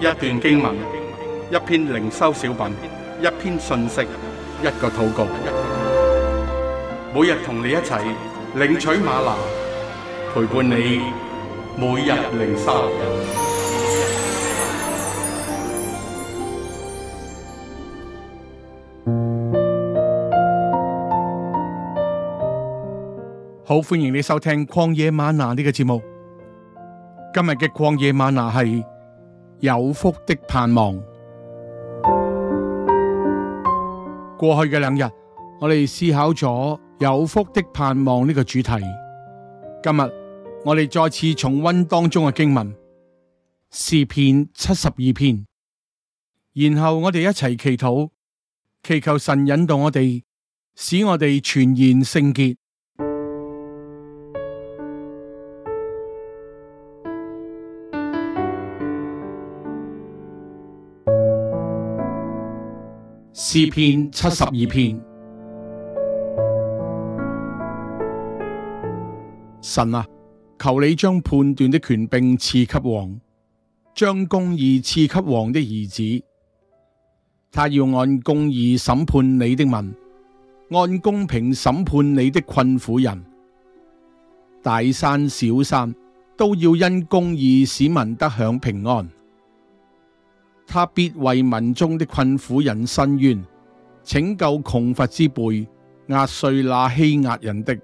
一段經文，一篇靈修小品，一篇信息，一個禱告。每日同你一齊領取嗎哪，陪伴你每日靈修。好，歡迎你收聽《曠野嗎哪》呢個節目。今日嘅《曠野嗎哪》係。有福的盼望。過去嘅兩日，我哋思考咗有福的盼望呢個主題。今日我哋再次重溫當中嘅經文，詩篇七十二篇，然後我哋一齊祈禱，祈求神引導我哋，使我哋全然聖潔。詩篇七十二篇。神啊，求你將判斷的權柄賜給王，將公義賜給王的兒子。他要按公義審判你的民，按公平審判你的困苦人。大山小山都要因公義，使民得享平安。他必為民中的困苦人伸冤，拯救窮乏之輩，壓碎那欺壓人的。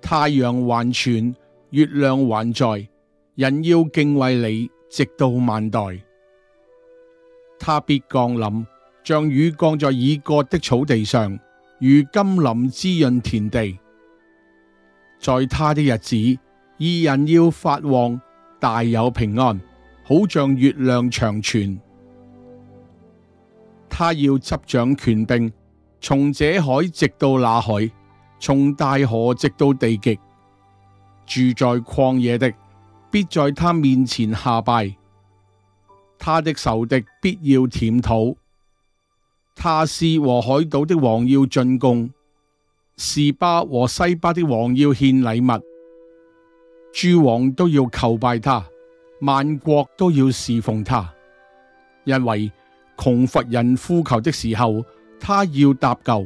太陽還存，月亮還在，人要敬畏你，直到萬代。他必降臨，像雨降在已割的草地上，如甘霖滋潤田地。在他的日子，義人要發旺，大有平安。好像月亮長存，他要執掌權柄。從這海直到那海，從大河直到地極。住在曠野的必在他面前下拜，他的仇敵必要舔土。他施和海島的王要進貢，示巴和西巴的王要獻禮物，諸王都要叩拜他。萬國都要侍奉他，因為窮乏人呼求的時候，他要搭救；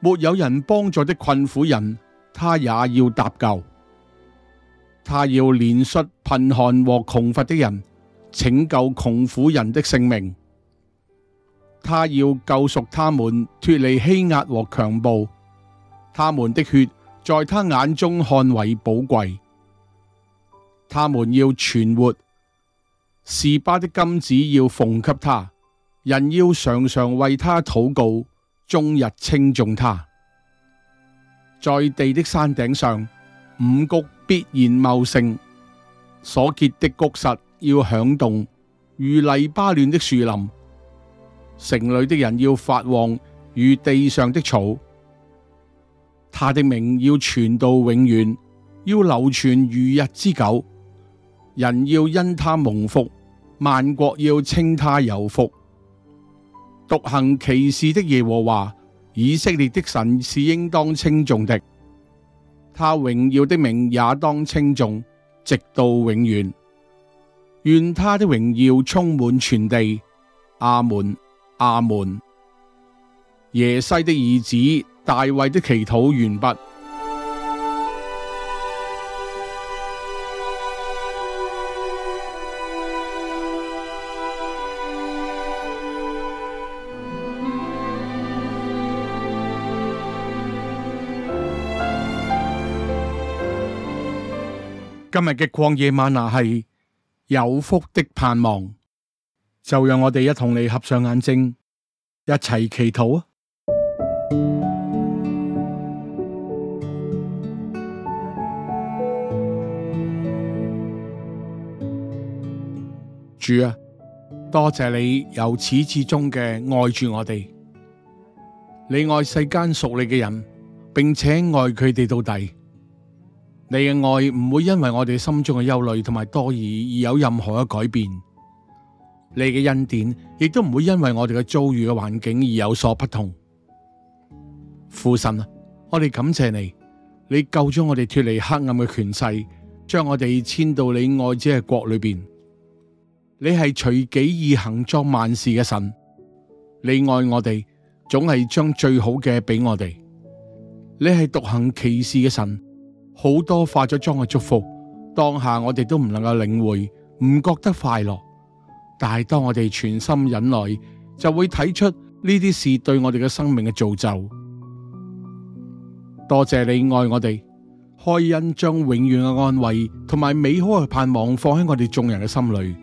沒有人幫助的困苦人，他也要搭救。他要憐恤貧寒和窮乏的人，拯救窮苦人的性命。他要救贖他們脫離欺壓和強暴，他們的血在他眼中看為寶貴。他們要存活，示巴的金子要奉給他，人要常常為他禱告，終日稱頌他。在地的山頂上，五穀必然茂盛，所結的穀實要響動，如黎巴嫩的樹林。城裏的人要發旺，如地上的草。他的名要傳到永遠，要流傳如日之久。人要因他蒙福，萬國要稱他有福。獨行奇事的耶和華，以色列的神是應當稱頌的。他榮耀的名也當稱頌，直到永遠。願他的榮耀充滿全地。阿門，阿門。耶西的兒子大衛的祈禱完畢。今日嘅曠野嗎哪，係有福的盼望，就讓我哋一同你合上眼睛，一齊祈禱啊！主啊，多謝你由始至終嘅愛住我哋，你愛世間屬你嘅人，並且愛佢哋到底。你嘅愛唔會因為我哋心中嘅憂慮同埋多疑而有任何嘅改變，你嘅恩典亦都唔會因為我哋嘅遭遇嘅環境而有所不同。父神啊，我哋感謝你，你救咗我哋脱離黑暗嘅權勢，將我哋遷到你愛子嘅國裏邊。你係隨己意行作萬事嘅神，你愛我哋，總係將最好嘅俾我哋。你係獨行奇事嘅神。好多化咗妝嘅祝福，當下我哋都唔能夠領會，唔覺得快樂。但係當我哋全心忍耐，就會睇出呢啲事對我哋嘅生命嘅造就。多謝你愛我哋，開恩將永遠嘅安慰同埋美好嘅盼望放喺我哋眾人嘅心裏。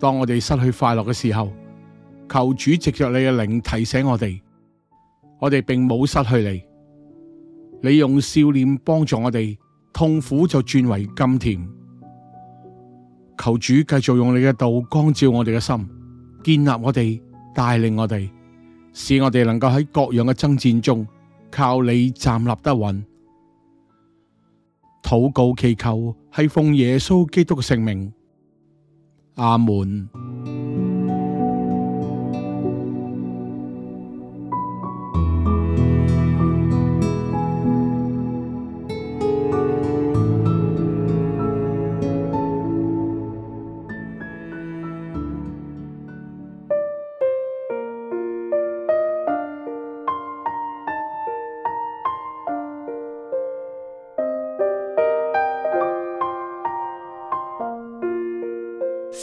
當我哋失去快樂嘅時候，求主藉着你嘅靈提醒我哋，我哋並冇失去你。你用笑臉幫助我哋，痛苦就轉為甘甜。求主繼續用你嘅道光照我哋嘅心，建立我哋，帶領我哋，使我哋能夠喺各樣嘅爭戰中靠你站立得穩。禱告祈求係奉耶穌基督嘅聖名，阿門。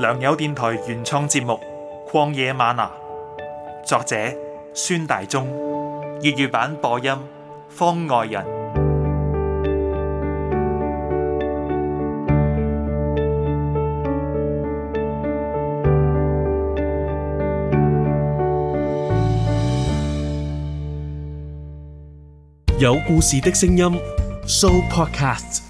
良友電台原創節目《曠野嗎哪》，作者孫大中，粵語版播音方外人。有故事的聲音，Show Podcast。